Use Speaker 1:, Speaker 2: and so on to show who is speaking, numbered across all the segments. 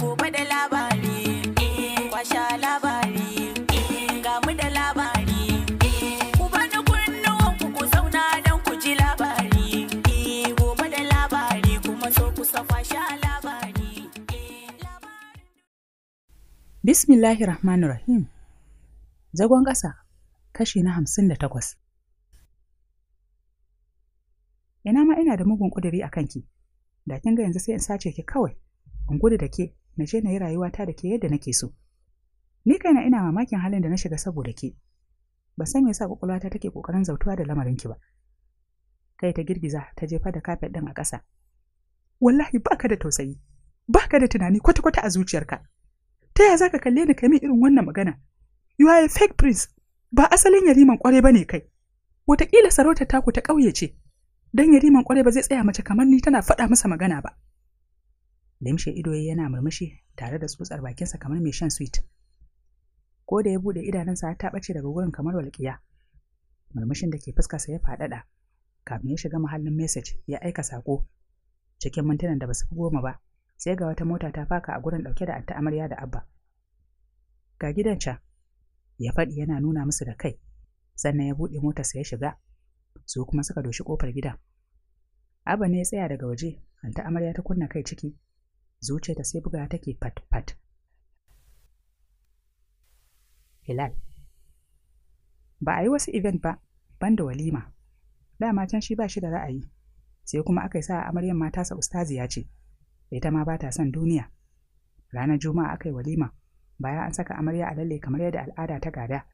Speaker 1: gobe da labari eh, kwasha labari eh, ga mu da labari eh, ku bani kunnuwan ku ku zauna don ku ji labari gobe da labari kuma so ku kwasha labari bismillahir rahmanir rahim zagon ƙasa kashi na hamsin da takwas ina ma ina da mugun ƙuduri a kanki da kin ga yanzu sai in sace ki kawai in gudu da ke na je na yi rayuwata da ke yadda na ke so ni kaina ina mamakin halin da na shiga saboda ke ba san me yasa kwakwalwata take kokarin zautuwa da lamarin ki ba kai ta girgiza ta jefa da kafet ɗin a ƙasa wallahi baka da tausayi baka da tunani kwata-kwata a zuciyarka ta yaya zaka kalle ni kamin irin wannan magana you are a fake prince ba asalin yariman kware ne kai wataƙila sarautar taku ta ƙauye ce dan yariman kware ba zai tsaya mace kamar ni tana faɗa masa magana ba limshe ido yana murmushi tare da tsotsar bakinsa kamar mai shan sweet ko da ya bude idanunsa ta ɓace daga gurin kamar walƙiya murmushin da ke fuska fuskarsa ya faɗaɗa kafin ya shiga mahallin message ya aika sako cikin mintunan da basu goma ba sai ga wata mota ta faka a gurin ɗauke da anta amarya da abba ga gidan can ya faɗi yana nuna musu da kai sannan ya buɗe motarsa ya shiga su kuma suka doshi ƙofar gidan abba ne ya tsaya daga waje anta amarya ta kunna kai ciki ta sai buga take fat-fat hilal ba a yi wasu event ba banda walima dama can shi ba shi da ra'ayi sai kuma aka yi sa amaryan sa ustazi ustaziya ce ita ma ba ta son duniya ranar juma'a aka yi walima bayan an saka amarya a lalle kamar yadda al'ada ta gada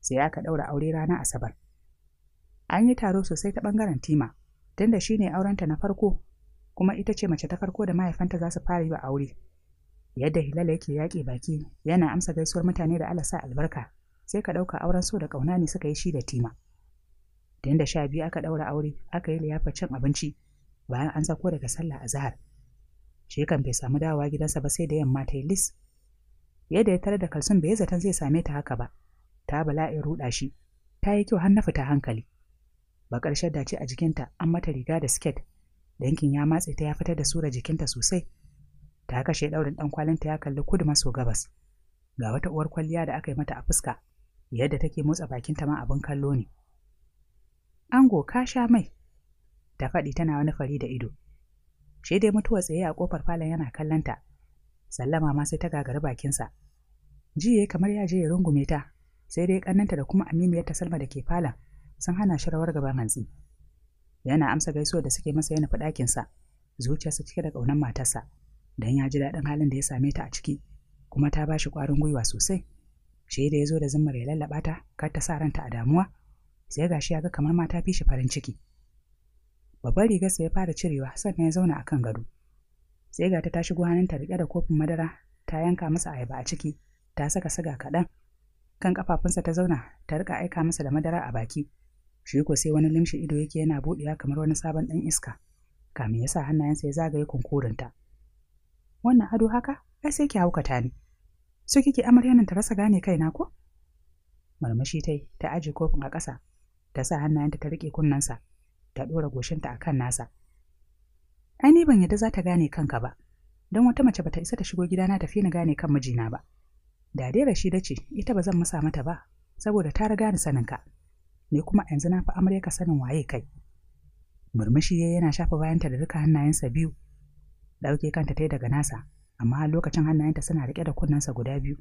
Speaker 1: sai aka ɗaura aure ranar asabar an yi taro sosai ta bangaren tima tunda shine ne aurenta na farko kuma ita ce mace ta farko da mahaifanta za su fara yi wa aure yadda hilala yake yaƙi baki yana amsa gaisuwar mutane da Allah sa albarka sai ka ɗauka auren so da ƙauna ne suka yi shi da tima tun da sha biyu aka ɗaura aure aka yi liyafa cin abinci bayan an sako daga sallah a zahar shekan bai samu dawowa gidansa ba sai da yamma ta yi lis yadda ya tare da kalsun bai zaton zai same ta haka ba ta ya ruɗa shi ta yi kyau har na fita hankali ba ƙarshen dace a jikinta an mata riga da siket Dankin ya matse ta ya fitar da sura jikinta sosai. Ta kashe ɗaurin ɗan kwalinta ya kalli kudu maso gabas. Ga wata uwar kwalliya da aka yi mata a fuska, yadda take motsa bakinta ma abin kallo ne. Ango ka sha mai, ta faɗi tana wani fari da ido. Shi dai mutuwa tsaye a ƙofar falon yana kallonta, sallama ma sai ta gagari bakinsa. Jiye kamar ya je ya rungume ta, sai dai ƙannanta da kuma aminiyarta Salma da ke falon sun hana shi rawar gaban hantsi. yana amsa gaisuwar da suke masa yana faɗakinsa, sa zuciyarsa cike da ƙaunar matarsa dan ya ji daɗin halin da ya same ta a ciki kuma ta ba shi ƙwarin gwiwa sosai shi da ya zo da zimmar ya lallaɓa ta kar ta sa ranta a damuwa sai gashi ya ga kamar mata ta fi shi farin ciki babbar rigarsa ya fara cirewa sannan ya zauna akan gado sai ga ta ta shigo hannunta riƙe da kofin madara ta yanka masa ayaba a ciki ta saka siga kaɗan kan kafafunsa ta zauna ta riƙa aika masa da madara a baki shi sai wani limshi ido yake yana buɗewa kamar wani sabon ɗan iska kamin ya sa hannayensa ya zagaye kunkurinta wannan ado haka ai sai ki haukata ni Su kike amaryanin ta rasa gane kaina ko marmashi ta yi ta aje kofin a ƙasa ta sa hannayenta ta riƙe kunnensa ta ɗora goshinta a kan nasa ai ni ban yadda za ta gane kanka ba don wata mace bata isa ta shigo gidana ta fi ni gane kan mijina ba da dai rashida ce ita ba zan masa mata ba saboda ta riga ni saninka ne kuma yanzu na fi amarya ka sanin waye kai murmushi ya yana shafa bayanta da duka hannayensa biyu ɗauke kanta ta daga nasa amma lokacin hannayenta suna riƙe da kunnensa guda biyu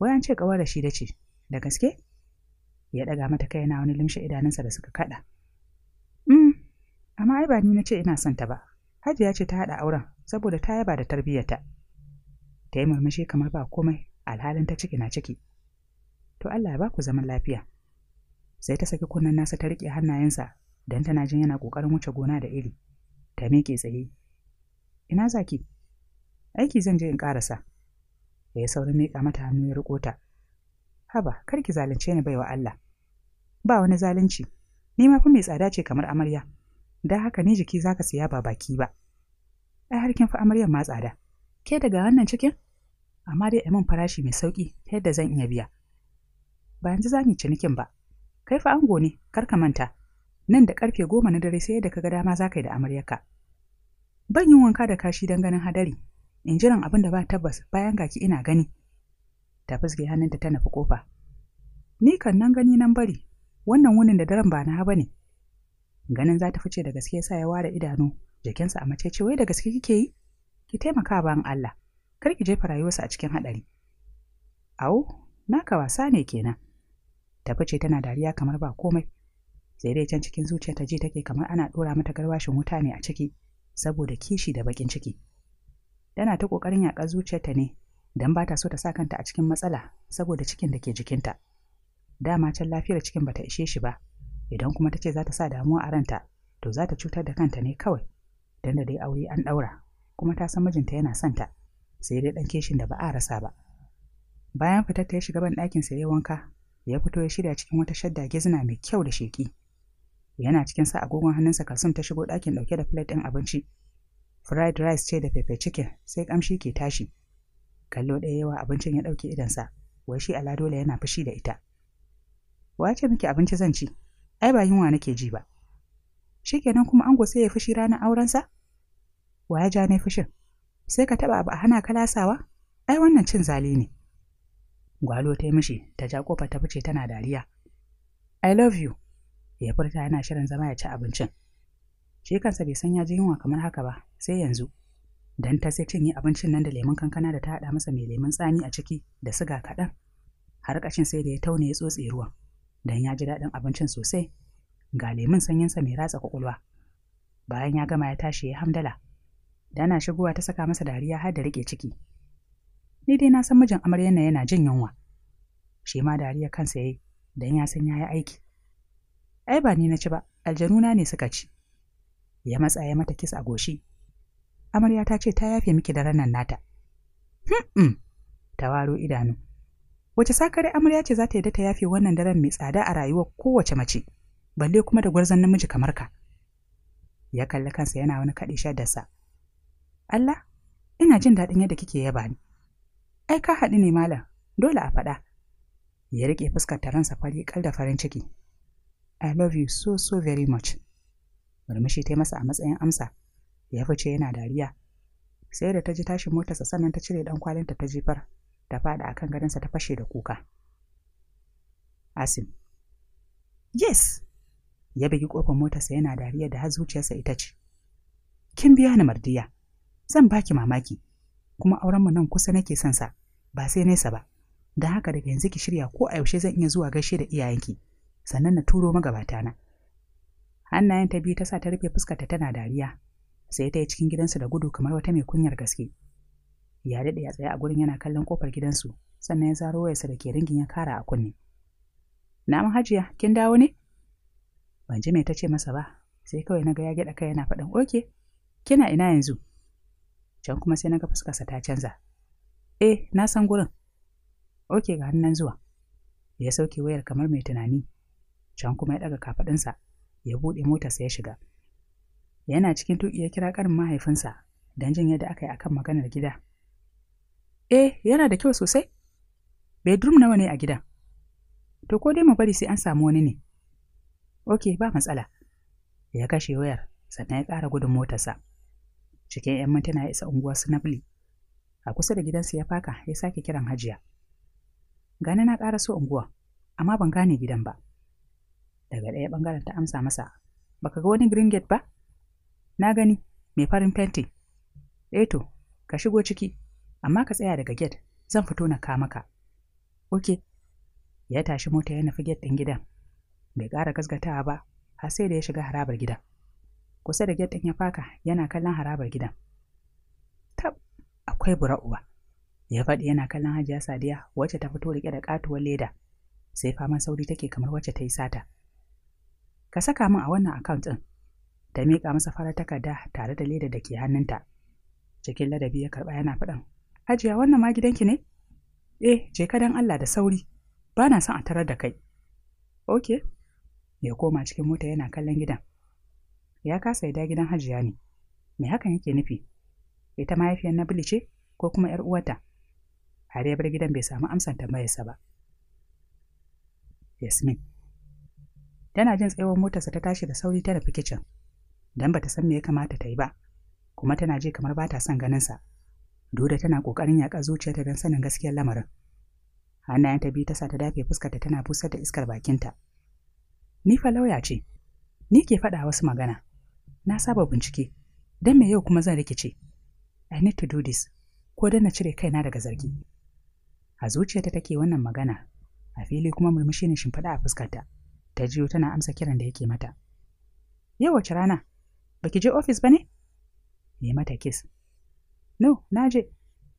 Speaker 1: wayan ce kawar da shi da ce da gaske ya ɗaga mata kai yana wani limshe idanunsa da suka kaɗa mm amma ai ba ni na ce ina son ta ba hajiya ce ta haɗa auren saboda ta yaba da tarbiyyarta ta yi murmushi kamar ba komai alhalin ta ciki na ciki to Allah ya ba ku zaman lafiya sai ta saki kunnen nasa ta riƙe hannayensa don tana jin yana ƙoƙarin wuce gona da iri ta miƙe tsaye ina zaki aiki zan je in ƙarasa ya yi saurin miƙa mata hannu ya riƙo ta haba kar ki zalunce ni baiwa Allah ba wani zalunci ni ma fa mai tsada ce kamar amarya don haka ni jiki zaka siya ba baki ba ai har kin fi amaryar ma tsada ke daga wannan cikin amma dai a min farashi mai sauƙi, ta yadda zan iya biya ba yanzu za mu cinikin ba kai fa ango ne kar ka manta nan da karfe goma na dare sai yadda ka ga dama za ka yi da amaryarka ban yi wanka da kashi don ganin hadari in jiran abin da ba tabbas bayan gaki ina gani ta fuske hannunta ta nufi kofa ni kan nan gani nan bari wannan wunin da daren ba na ha ne ganin za ta fice da gaske sa ya ware idanu jikinsa a mace ce wai da gaske kike yi ki taimaka ban Allah kar ki jefa rayuwarsa a cikin hadari au naka wasa ne kenan ta fice tana dariya kamar ba komai sai dai can cikin zuciyarta ji take kamar ana dora mata garwashin wuta ne a ciki saboda kishi da bakin ciki tana ta ƙoƙarin yaƙa zuciyarta ne dan ba ta so ta sa kanta a cikin matsala saboda cikin da ke jikinta dama can lafiyar cikin bata ishe shi ba idan kuma ta ce za ta sa damuwa a ranta to za ta cutar da kanta ne kawai don da dai aure an ɗaura kuma ta san mijinta yana son ta sai dai ɗan kishin da ba a rasa ba bayan fitar ta ya shiga ban ɗakin sai ya wanka ya fito ya shirya cikin wata shadda gizna mai kyau da sheki. yana cikin sa agogon hannunsa kalsum ta shigo ɗakin ɗauke da plate ɗin abinci fried rice ce da pepper chicken sai kamshi ke tashi kallo ɗaya yawa abincin ya ɗauke idansa wai shi ala dole yana fushi da ita wace miki abinci zan ci ai ba yunwa nake ji ba shikenan kuma ango sai ya fushi ranar aurensa wa ya ja ne fushin sai ka taɓa abu a hana kalasawa lasawa ai wannan cin zali ne Gwalo ta yi mishi ta ja kofa ta fice tana dariya. I love you, ya furta yana shirin zama ya ci abincin. Shi kansa bai san ya ji yunwa kamar haka ba, sai yanzu. Dan ta sai cinye abincin nan da lemun kankana da ta haɗa masa mai lemun tsami a ciki da siga kaɗan. Har ƙashin sai da ya tauna ya tsotse ruwan, dan ya ji daɗin abincin sosai. Ga lemun sanyinsa mai ratsa kwakwalwa. Bayan ya gama ya tashi ya hamdala. Dana shigowa ta saka masa dariya har da riƙe ciki. ni dai na san mijin Amarya na yana jin yunwa shi ma dariya kansa yayi dan ya san yayi aiki ai ba ni na ci ba aljanuna ne suka ci ya matsa ya mata kisa a goshi amarya ta ce ta yafe miki da ranan nata hmm ta waro idanu wace sakare amarya ce za ta yadda ta yafe wannan daren mai tsada a rayuwar kowace mace balle kuma da gwarzon namiji kamar ka ya kalli kansa yana wani kaɗe shaddarsa Allah ina jin daɗin yadda kike yaba ni ai ka haɗu ne malam dole a faɗa ya riƙe fuskar ta ransa fari kalda da farin ciki i love you so so very much murmushi ta masa a matsayin amsa ya fice yana dariya sai da ta ji tashin motarsa sannan ta cire dan kwalinta ta jefar ta faɗa kan gadonsa ta fashe da kuka asim yes ya bugi kofar motarsa yana dariya da har zuciyarsa ita ce kin biya ni mardiya zan baki mamaki kuma auren mu nan kusa nake son sa ba sai nesa ba don haka daga yanzu ki shirya ko a yaushe zan iya zuwa gaishe da iyayenki sannan na turo magabata na hannayen ta biyu ta sa ta rufe fuskarta tana dariya sai ta yi cikin gidansu da gudu kamar wata mai kunyar gaske ya daɗe ya tsaya a gurin yana kallon kofar gidansu sannan ya zaro wayarsa da ke ringin ya kara a kunne na hajiya kin dawo ne ban ji me ta ce masa ba sai kawai na ga ya gyaɗa kai yana faɗin oke kina ina yanzu can kuma sai na ga fuskarsa ta canza eh na san gurin oke ga hannun zuwa ya sauke wayar kamar mai tunani can kuma ya ɗaga sa, ya buɗe motarsa ya shiga yana cikin tuƙi ya kira ƙarin mahaifinsa don jin yadda aka yi akan maganar gida eh yana da kyau sosai bedroom nawa ne a gida to ko dai mu bari sai an samu wani ne oke ba matsala ya kashe wayar sannan ya ƙara gudun motarsa cikin 'yan mintuna ya isa unguwar Sinabli. A kusa da gidansa ya faka ya sake kiran hajiya. gani na ƙara so unguwa, amma ban gane gidan ba. Daga ɗaya ɓangaren ta amsa masa, baka ga wani green gate ba? Na gani, mai farin fenti. Eto, eh ka shigo ciki, amma ka tsaya daga gate, zan fito na ka maka. Oke, ya tashi mota ya nufi gate ɗin gidan. Bai ƙara gasgatawa ba, har sai da ya shiga harabar gidan. kusa da gate ya faka yana kallon harabar gidan tab akwai bura'uwa ya faɗi yana kallon hajiya sadiya wacce ta fito rike da katuwar leda sai fama sauri take kamar wacce ta yi sata ka saka min a wannan account ɗin ta miƙa masa farar takarda tare da leda da ke hannunta cikin ladabi ya karɓa yana faɗin hajiya wannan ma gidanki ne eh je ka dan allah da sauri ba na son a tarar da kai Okay. ya koma cikin mota yana kallon gidan ya kasa ya da gidan hajiya ne me hakan yake nufi ita mahaifiyar na ce ko kuma yar uwarta har ya bar gidan bai samu amsan tambayarsa ba yasmin tana jin tsayuwar motarsa ta tashi da sauri ta nufi kicin don bata san me ya kamata ta yi ba kuma tana ji kamar ba ta son ganinsa Duda tana ƙoƙarin yaƙa zuciyarta don sanin gaskiyar lamarin. Hannayenta biyu ta sa ta dafe fuskarta tana busar da iskar bakinta. Ni fa lauya ce, ni ke faɗa wasu magana, na saba bincike don me yau kuma zan rikice i need to do this ko don na cire kaina daga zargi a ta take wannan magana a fili kuma murmushi ne shimfiɗa a fuskarta ta jiyo tana amsa kiran da yake mata yau wace rana baki je ofis ba ne mata kes no na je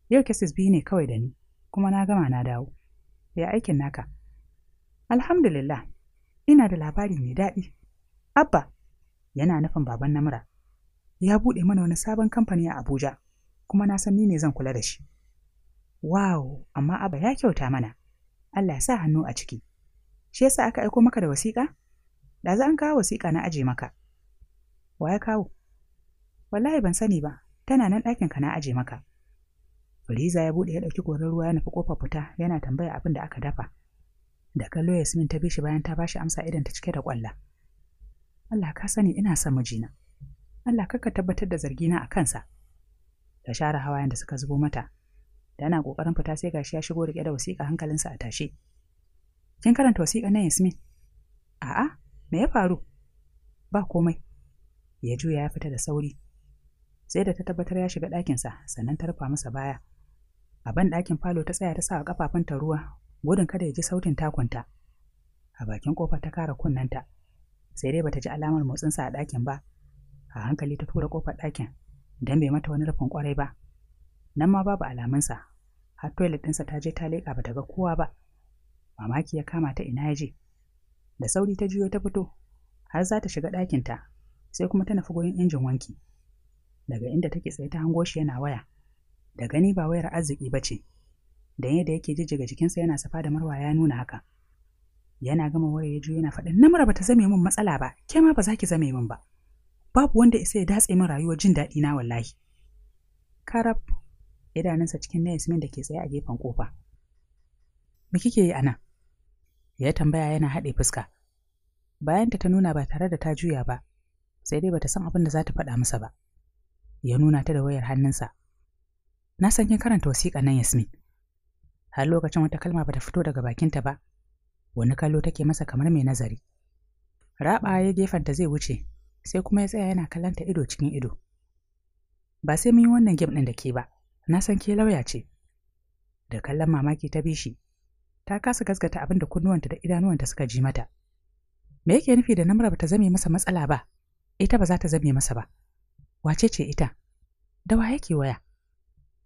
Speaker 1: yau kisses biyu ne kawai da ni kuma na gama na dawo ya aikin naka alhamdulillah ina da labari mai daɗi abba yana nufin baban namura ya buɗe mana wani sabon kamfani a abuja kuma na san ni ne zan kula da shi wow amma aba ya kyauta mana allah ya sa hannu a ciki shi yasa aka aiko maka da wasiƙa da za an kawo wasiƙa na aje maka wa ya kawo wallahi ban sani ba tana nan ɗakinka na aje maka Friza ya buɗe ya ɗauki korar ruwa ya nufi ƙofar fita yana tambaya abin da aka dafa. Da kallo Yasmin ta bi shi bayan ta bashi amsa idan ta cike da ƙwalla. Allah ka sani ina son mijina. Allah kaka tabbatar da zargina a kansa. Ta share hawayen da suka zubo mata. Da ana kokarin fita sai gashi ya shigo rike da wasiƙa hankalinsa a tashe. Kin karanta wasiƙa na Yasmin? A'a, me ya faru? Ba komai. Ya juya ya fita da sauri. Sai da ta tabbatar ya shiga ɗakinsa sannan ta rufa masa baya. A ban ɗakin falo ta tsaya ta sa kafafunta ruwa gudun kada ya ji sautin takunta. A bakin kofa ta kara kunnanta. ta. sai dai bata ji alamar motsinsa a ɗakin ba a hankali ta tura kofar ɗakin don bai mata wani rufin kwarai ba nan ma babu alamunsa har toilet ɗinsa ta je ta leƙa bata ga kowa ba mamaki ya kama ta ina ya je da sauri ta juyo ta fito har za ta shiga ɗakinta sai kuma ta nufi goyon injin wanki daga inda take tsaye ta hango shi yana waya da gani ba wayar arziki ba ce da yadda yake jijjiga jikinsa yana safa da marwa ya nuna haka yana gama waya ya juyo yana faɗin namura ba ta zame min matsala ba ke ma ba za ki zame min ba babu wanda isa ya datse min rayuwar jin daɗi na wallahi karab idanunsa cikin na yasmin da ke tsaye a gefen kofa me kike yi anan ya tambaya yana haɗe fuska bayanta ta nuna ba tare da ta juya ba sai dai bata san abin da za ta faɗa masa ba ya nuna ta da wayar hannunsa na san kin karanta wasiƙa nan yasmin har lokacin wata kalma bata fito daga bakinta ba wani kallo take masa kamar mai nazari raba ya gefen ta zai wuce sai kuma ya tsaya yana kallanta ido cikin ido ba sai mun yi wannan game ɗin da ke ba na san ke lauya ce da kallon mamaki ta bi shi ta kasa gasgata abin da kunnuwanta da idanuwanta suka ji mata me yake nufi da namra ba ta zame masa matsala ba ita ba za ta zame masa ba wace ce ita da wa yake waya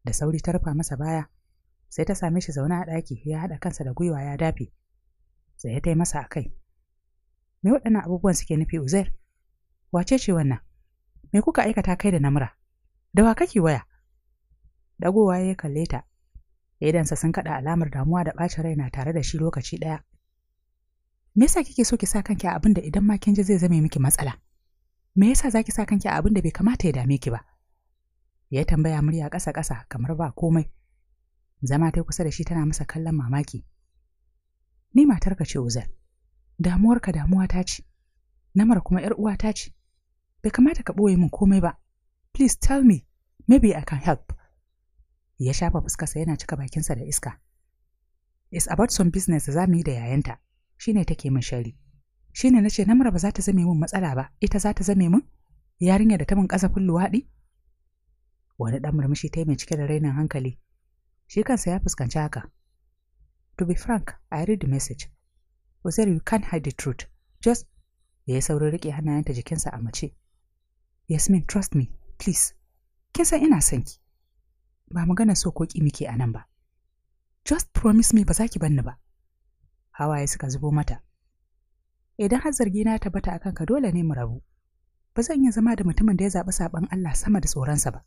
Speaker 1: da sauri ta rufa masa baya sai ta same shi zaune a ɗaki ya haɗa kansa da gwiwa ya dafe sai ya yi masa a kai. Me waɗannan abubuwan suke nufi Uzair? Wace ce wannan? Me kuka aikata kai da namura? Da wa kake waya? Dagowa ya kalle ta, idansa sun kaɗa alamar damuwa da ɓacin rai na tare da shi lokaci ɗaya. Me yasa kike so ki sa kanki a abin da idan ma kin ji zai zame miki matsala? Me yasa za ki sa kanki a abin da bai kamata ya dame ki ba? Ya tambaya murya ƙasa-ƙasa kamar ba komai. Zama ta kusa da shi tana masa kallon mamaki. ni matarka ce uzal damuwarka damuwa ta ce namar kuma yar uwata ce bai kamata ka ɓoye min komai ba please tell me maybe I can help ya shafa fuskarsa yana cika bakinsa da iska is about some business za mu yi da yayanta Shi ne take min shari Shi na ce, namar ba za ta zame min matsala ba ita za ta zame min yarinya da ta min kazafin luwaɗi wani ɗan murmushi ta yi mai cike da rainin hankali shi kansa ya fuskanci haka To be frank, I read the message. Uzair, you can't hide the truth. Just, ya yi saurin riƙe hannayenta jikinsa a mace. Yasmin, trust me, please. Kin san ina son ki. Ba magana so ko muke a nan ba. Just promise me ba za ki banni ba. Hawaye suka zubo mata. Idan har zargi na tabbata akan ka dole ne mu rabu. Ba zan iya zama da mutumin da ya zaɓi saɓan Allah sama da tsoronsa ba.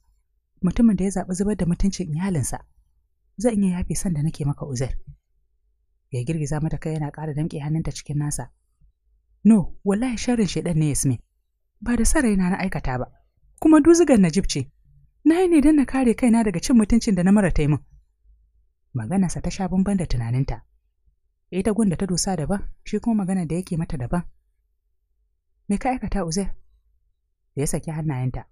Speaker 1: Mutumin da ya zaɓi zubar da mutuncin iyalinsa. Zan iya yafe son da nake maka uzair. ya girgiza mata kai yana ƙara damƙe hannunta cikin nasa no wallahi sharrin shaidan ne yasmin ba da sa raina na aikata ba kuma duzugan najib ce na yi ne don na kare kaina daga cin mutuncin da na mara taimun maganarsa ta sha bamban da tunaninta ita gun ta dosa daban shi kuma magana da yake mata daban me ka aikata uzair ya saki hannayenta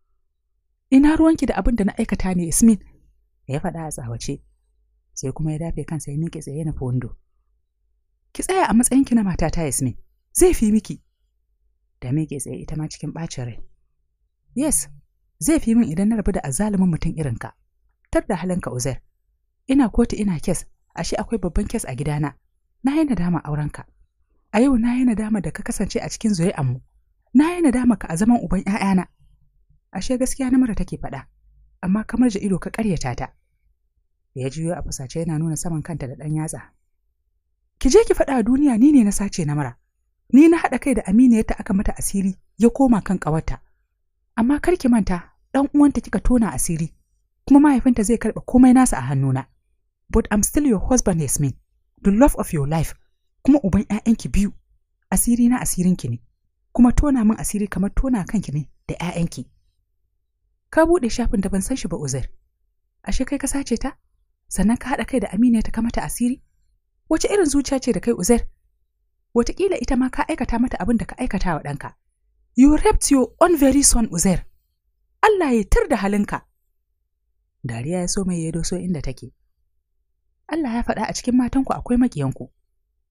Speaker 1: ina ruwanki da abin da na aikata ne ismin ya faɗa a tsawace sai kuma ya dafe kansa ya miƙe tsaye na fondo ki tsaya a matsayinki na matata Yasmin, zai fi miki. Da ke tsaye ita ma cikin ɓacin rai. Yes, zai fi min idan na rabu da azalumin mutum irin ka. Tar da halinka Uzair. Ina kotu ina kes, ashe akwai babban kes a gidana. Na yi nadama aurenka. A yau na yi nadama da ka kasance a cikin mu. Na yi nadama ka a zaman uban 'ya'yana. Ashe gaskiya na mara take faɗa, amma kamar ji ido ka ƙaryata ta. ya juyo a fusace yana nuna saman kanta da ɗan yatsa, ki je ki faɗa duniya ni ne na sace na mara ni na haɗa kai da ta aka mata asiri ya koma kan ƙawarta amma kar ki manta ɗan uwanta kika tona asiri kuma mahaifinta zai karɓa komai nasa a hannuna but I'm still your husband Yasmin the love of your life kuma uban ƴaƴanki biyu asiri na asirin ki ne kuma tona min asiri kamar tona kanki ne da ƴaƴanki ka buɗe shafin da ban san shi ba Uzair ashe kai ka sace ta sannan ka haɗa kai da Amina ta kamata asiri wace irin zuciya ce da kai uzair wataƙila ita ma ka aikata mata abin da ka aikata wa ɗanka you raped your own very son uzair Allah ya tar da halinka dariya ya so mai ya doso inda take Allah ya faɗa a cikin matanku akwai ku.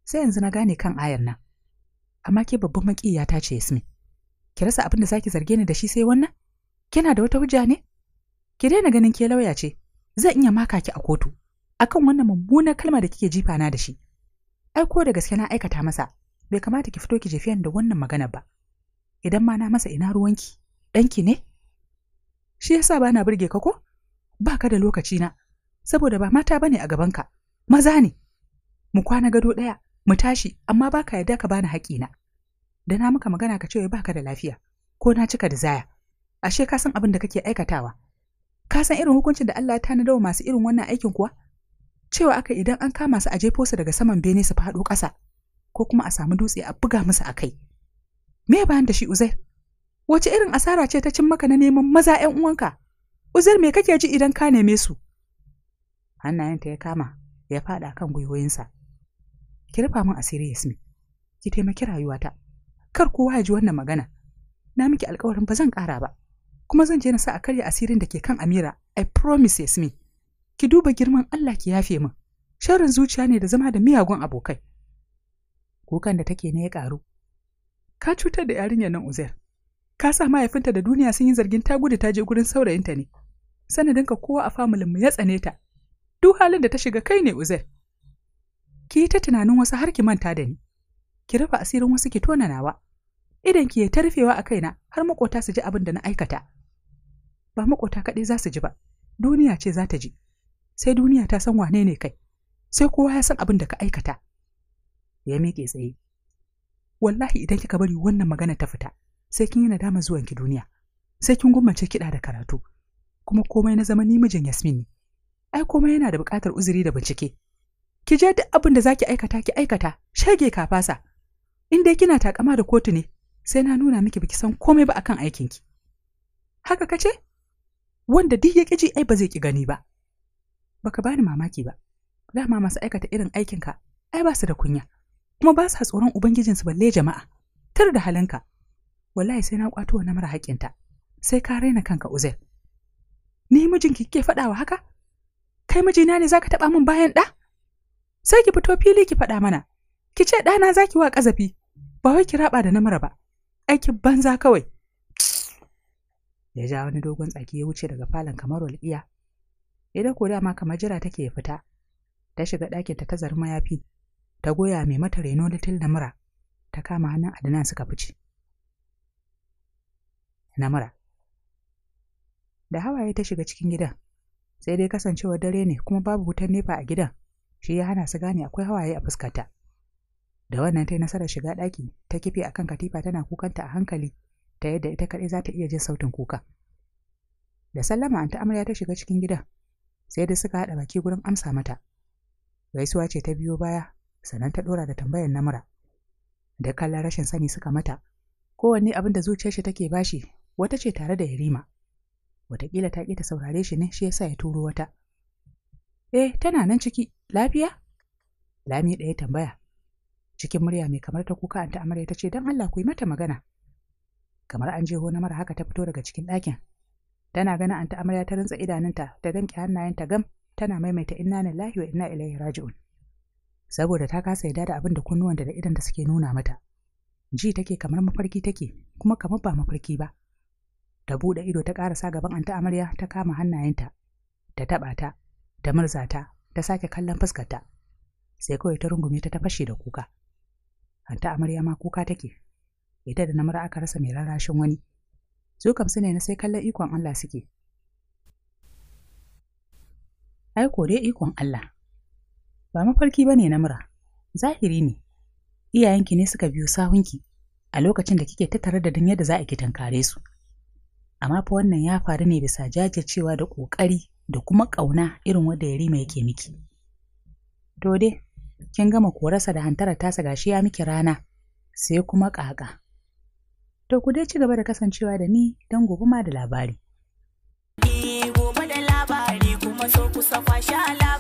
Speaker 1: sai yanzu na gane kan ayar nan amma ke babban maƙiya ta ce Yasmin ki rasa abin da zaki zarge ni da shi sai wannan kina da wata hujja ne ki daina ganin ke lauya ce zan iya maka ki a kotu akan wannan mummunar kalma da kike jifa na da shi ai ko da gaske na aikata masa bai kamata ki fito ki jefiyan da wannan magana ba idan ma na masa ina ruwanki ɗanki ne shi yasa na burge ka ko ba ka da lokaci na saboda ba mata ba ne a gabanka maza ne mu kwana gado ɗaya mu tashi amma baka yarda ka bani na. da na maka magana ka ce baka da lafiya ko na cika da zaya ashe ka san abin da kake aikatawa ka san irin hukuncin da Allah ya tanadawa masu irin wannan aikin kuwa cewa aka idan an kama su a jefo su daga saman bene su faɗo ƙasa ko kuma a samu dutse a buga musu a kai me bayan da shi uzair wace irin asara ce ta cin maka na neman maza 'yan uwanka uzair me kake ji idan ka neme su hannayenta ya kama ya faɗa kan gwiwoyinsa ki rufa min asiri yasmin ki taimaki rayuwata kar kowa ya ji wannan magana na miki alkawarin ba zan ƙara ba kuma zan je na sa a karya asirin da ke kan amira i promise yasmin ki duba girman Allah ki yafe min sharrin zuciya ne da zama da miyagun abokai kukan da take ne ya ƙaru ka cutar da yarinyar nan uzair ka sa mahaifinta da duniya sun yi zargin ta gudu ta je gurin saurayinta ne Sanadin ka kowa a familin mu ya tsane ta duk halin da ta shiga kai ne uzair ki yi ta tunanin wasu har ki manta da ni ki rufe asirin wasu ki tona nawa idan ki ya tarfewa a kaina har makota su ji abin da na aikata ba makota kaɗai za su ji ba duniya ce za ta ji sai duniya ta san wane ne kai sai kowa ya san abin da ka aikata ya miƙe tsaye wallahi idan kika bari wannan magana ta fita sai kin yi nadama zuwan ki duniya sai kin gummace kiɗa da karatu kuma komai na zama ni mijin Yasmin ne ai komai yana da buƙatar uzuri da bincike ki je duk abin da za ki aikata ki aikata shege ka fasa in dai kina takama da kotu ne sai na nuna miki baki san komai ba akan aikinki haka kace wanda duk ya ƙi ji ai ba zai ki gani ba baka bani mamaki ba dama masu aikata irin aikinka ai ba su da kunya kuma ba sa tsoron su balle jama'a tar da halinka wallahi sai na kwato wannan mara haƙinta sai ka raina kanka uzel ni mijinki kike faɗawa haka kai mijina ne zaka taɓa min bayan ɗa sai ki fito fili ki faɗa mana ki ce ɗana zaki wa ƙazafi ba wai ki raba da namara mara ba aikin banza kawai ya ja wani dogon tsaki ya wuce daga falon kamar walƙiya Idan ko dama kamar jira take fita ta shiga ɗakin ta zarma mayafi ta goya mai mata reno da til da mura ta kama hannun adnan suka fice na da hawaye ta shiga cikin gidan sai dai kasancewar dare ne kuma babu wutar nefa a gidan shi ya hana su gane akwai hawaye a fuskata da wannan ta yi nasarar shiga ɗaki ta kife akan katifa tana kukanta a hankali ta yadda ita kaɗai za ta iya jin sautin kuka da sallama anta amarya ta shiga cikin gidan sai da suka haɗa baki gurin amsa mata gaisuwa ce ta biyo baya sannan ta ɗora da tambayar namura da kallon rashin sani suka mata kowanne abin da zuciyar shi take bashi wata ce tare da yarima wataƙila ta ƙi ta saurare shi ne shi yasa ya turo wata eh tana nan ciki lafiya lami ɗaya tambaya cikin murya mai kamar ta kuka anta amarya ta ce don allah ku yi mata magana kamar an jeho na mara haka ta fito daga cikin ɗakin tana ganin anta amarya ta rantsa idanunta ta danke hannayenta gam tana maimaita inna lillahi wa inna ilaihi raji'un saboda ta kasa yarda da abin da kunnuwanta da idan da suke nuna mata ji take kamar mafarki take kuma kamar ba mafarki ba ta buɗe ido ta ƙarasa gaban anta amarya ta kama hannayenta ta taɓa ta ta murza ta ta sake kallon fuskarta sai kawai ta rungume ta ta fashe da kuka anta amarya ma kuka take ita da namara aka rasa mai rarrashin wani su kam su ne na sai kallon ikon Allah suke ai dai ikon Allah ba mafarki ba ne na mura zahiri ne iyayenki ne suka biyo sahunki? a lokacin da kike tattare da dan yadda za a ki tankare su amma fa wannan ya faru ne bisa jajircewa da ƙoƙari da kuma ƙauna irin wanda Yarima yake miki. To dai, kin gama korarsa da hantara tasa gashi ya miki rana, sai kuma ƙaƙa. To ku dai ci gaba da kasancewa da ni don gobe ma da labari. Ni gobe da labari kuma so kusa kwashe